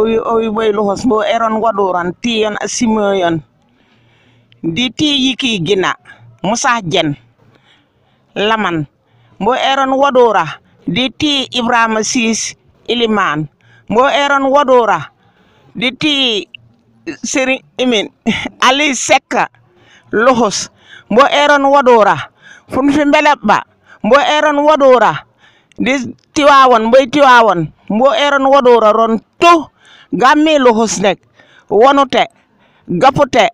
owi owi ɓoyluhos bo eron waɗuron tiyon a di ti yiki gina musa jen laman bo eron waɗora di ti ibrahima sis iliman bo eron waɗora di ti seri imin ali sekka luhus bo eron waɗora funfi mbeleɓɓa bo eron waɗora di tiwawon boy tiwawon bo eron waɗora ron to lo hosnek wonote gapote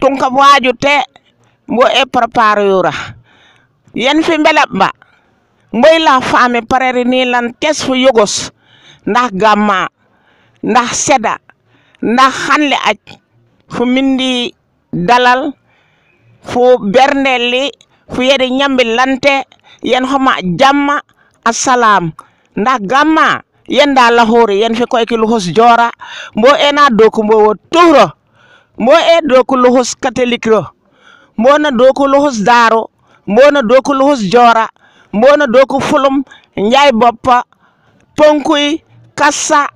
tunka wajute mo e prepare yen fi mbelamba moy la fami parere ni lan tes fu yogos ndax gamma ndax seda ndax xanle aj fu mindi dalal fu bernelli fu yede ñambi lante yen xoma jamma assalam ndax gamma yenda lahori yen fe koy ki luhus jora mbo ena doku mbo wo tuhro mbo e doku luhus katolikro mbo na doku luhus daro mbo na doku luhus jora mbo na doku fulum njay boppa ponkuy kassa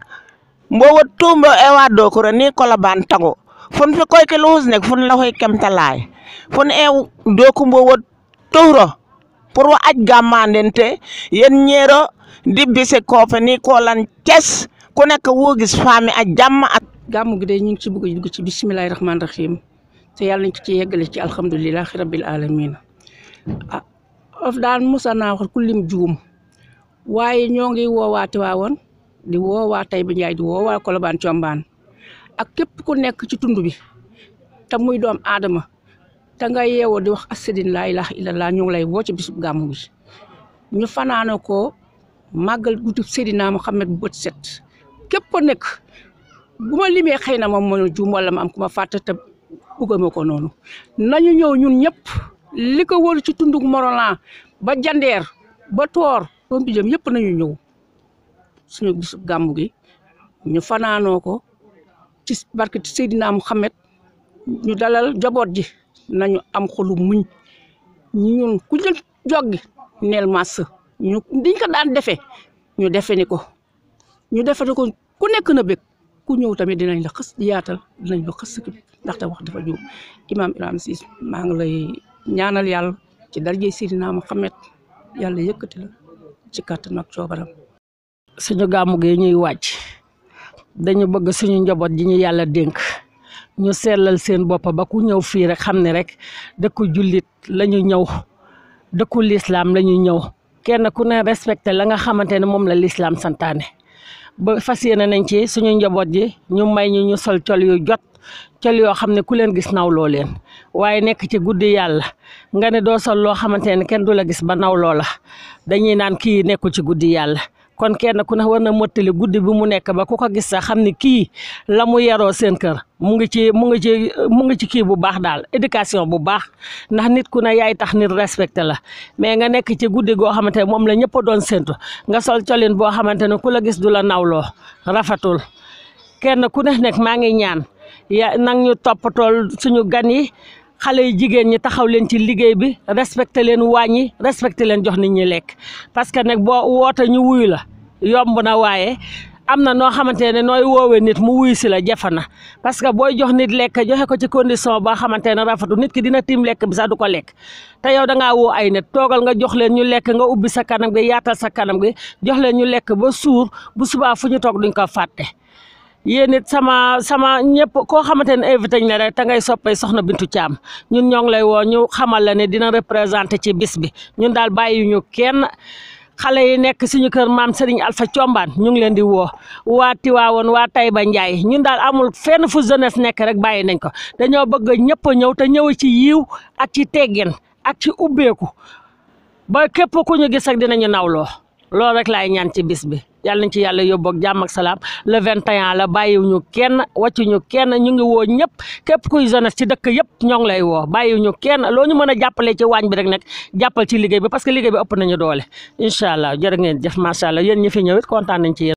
mbo wo tumbo ewa dokuro ni koloban tango fun fe koy luhus nek fun lahoy kemtalay fun e doku mbo wo tuhro pour wo aj gammanden yen ñeero ko koofa ni kolan tes ku nek wo gis fami ak jam ak gamu gi de ñu ci bëgg ci bismillahir rahmanir rahim te yalla ñu ci yeggal ci alhamdullilah rabbil alamin ah, of daan musa na wax ku lim juum waaye ñoo ngi di woowaa tay bi ñay di ko laban ciomban ak kep ku nek ci tundu bi ta muy doom adama ta nga yewoo di wax asadin la ilaha illallah ñu lay wo ci bisub gamu gi ñu ko màggal guddi Seydina Mohamed bu bët set képp ko nekk bu ma limee xëy na moom moo juum am ku ma fàtte te ko noonu nañu ñëw ñun ñëpp li ko wër ci tundug Morolan ba jandeer ba toor ba mbijam yëpp nañu ñëw suñu bisub gàmmu gi ñu fanaanoo ko ci barke ci Seydina Mohamed ñu dalal jaboot ji nañu am xolu muñ ñun ku ñu joggi neel màss ñu diñ ko daan defee ñu defe ni ko ñu defe ni ko ku nekk na bëgg ku ñëw tamit dinañ la xës yaatal dinañ la xës ndaxte wax dafa juum imaam Ibrahima Ciss maa ngi lay ñaanal yàlla ci darje Seydina Muhammad yàlla yëkkati la ci kàttan ak coobaram suñu gàmmu gi ñuy wàcc dañu bëgg suñu njaboot ji ñu yàlla dénk ñu sellal seen boppa ba ku ñëw fii rek xam ne rek dëkku jullit la ñëw dëkku lislaam la ñëw kenn ku ne respecté la nga xamante ne moom la lislaam santaane ba fas yéene nañ ci suñu njaboot ji ñu may ñu ñu sol col yu jot col yoo xam ne ku leen gis nawloo leen waaye nekk ci guddi yàlla nga ne doo sol loo xamante ne kenn du la gis ba nawloo la dañuy naan kii nekkul ci guddi yàlla kon kenn ku ne war na mottali guddi bi mu nekk ba ku ko gis sax xam ni kii la mu yaroo seen kër mu ngi ci mu ngi ci mu ngi ci kii bu baax daal éducation bu baax ndax nit ku ne yaay tax nit respecté la mais nga nekk ci guddi goo xamante ne moom la ñëpp doon séntu nga sol colin boo xamante ne ku la gis du la nawloo rafatul kenn ku ne nekk maa ngi ñaan ya nang ñu toppatool suñu gan yi xale yi jigéen ñi taxaw leen ci liggéey bi respecté leen wàññi respecté leen jox nit ñi lekk parce que nag boo woote ñu wuyu la yomb na waaye am na noo xamante ne nooy woowee nit mu wuyu si la jafe na parce que booy jox nit lekk joxe ko ci condition boo xamante ne rafetu nit ki dina tiim lekk bi sax du ko lekk te yow da ngaa woo ay nit toogal nga jox leen ñu lekk nga ubbi sa kanam gi yaatal sa kanam gi jox leen ñu lekk ba suur bu subaa fu ñu toog duñ ko fàtte. yéen it sama sama ñëpp koo xamante ne invité ñu ne rek te ngay soppee soxna Bintu Thiam ñun ñoo ngi lay woo ñu xamal la ne dina représenté ci bis bi ñun daal bàyyi ñu kenn xale yi nekk suñu kër maam Serigne Alpha Thiombane ñu ngi leen di woo waa Tiwaawoon waa Taïba Ndiaye ñun daal amul fenn fu jeunesse nekk rek bàyyi nañ ko dañoo bëgg ñëpp ñëw te ñëw ci yiw ak ci teggin ak ci ubbeeku ba képp ku ñu gis ak dinañu nawloo. loolu rek laay ñaan ci bis bi yàlla nañ ci yàlla yóbbu ak jàmm ak salaam le 21 la bàyyiwuñu kenn wàccuñu kenn ñu ngi woo ñëpp képp kuy jeunesse ci dëkk yëpp ñoo ngi lay woo bàyyiwuñu kenn loo ñu mën a jàppale ci waañ bi rek nag jàppal ci liggéey bi parce que liggéey bi ëpp nañu doole incha allah jërë ngeen jëf macha allah yéen ñi fi ñëw it kontaan nañ ci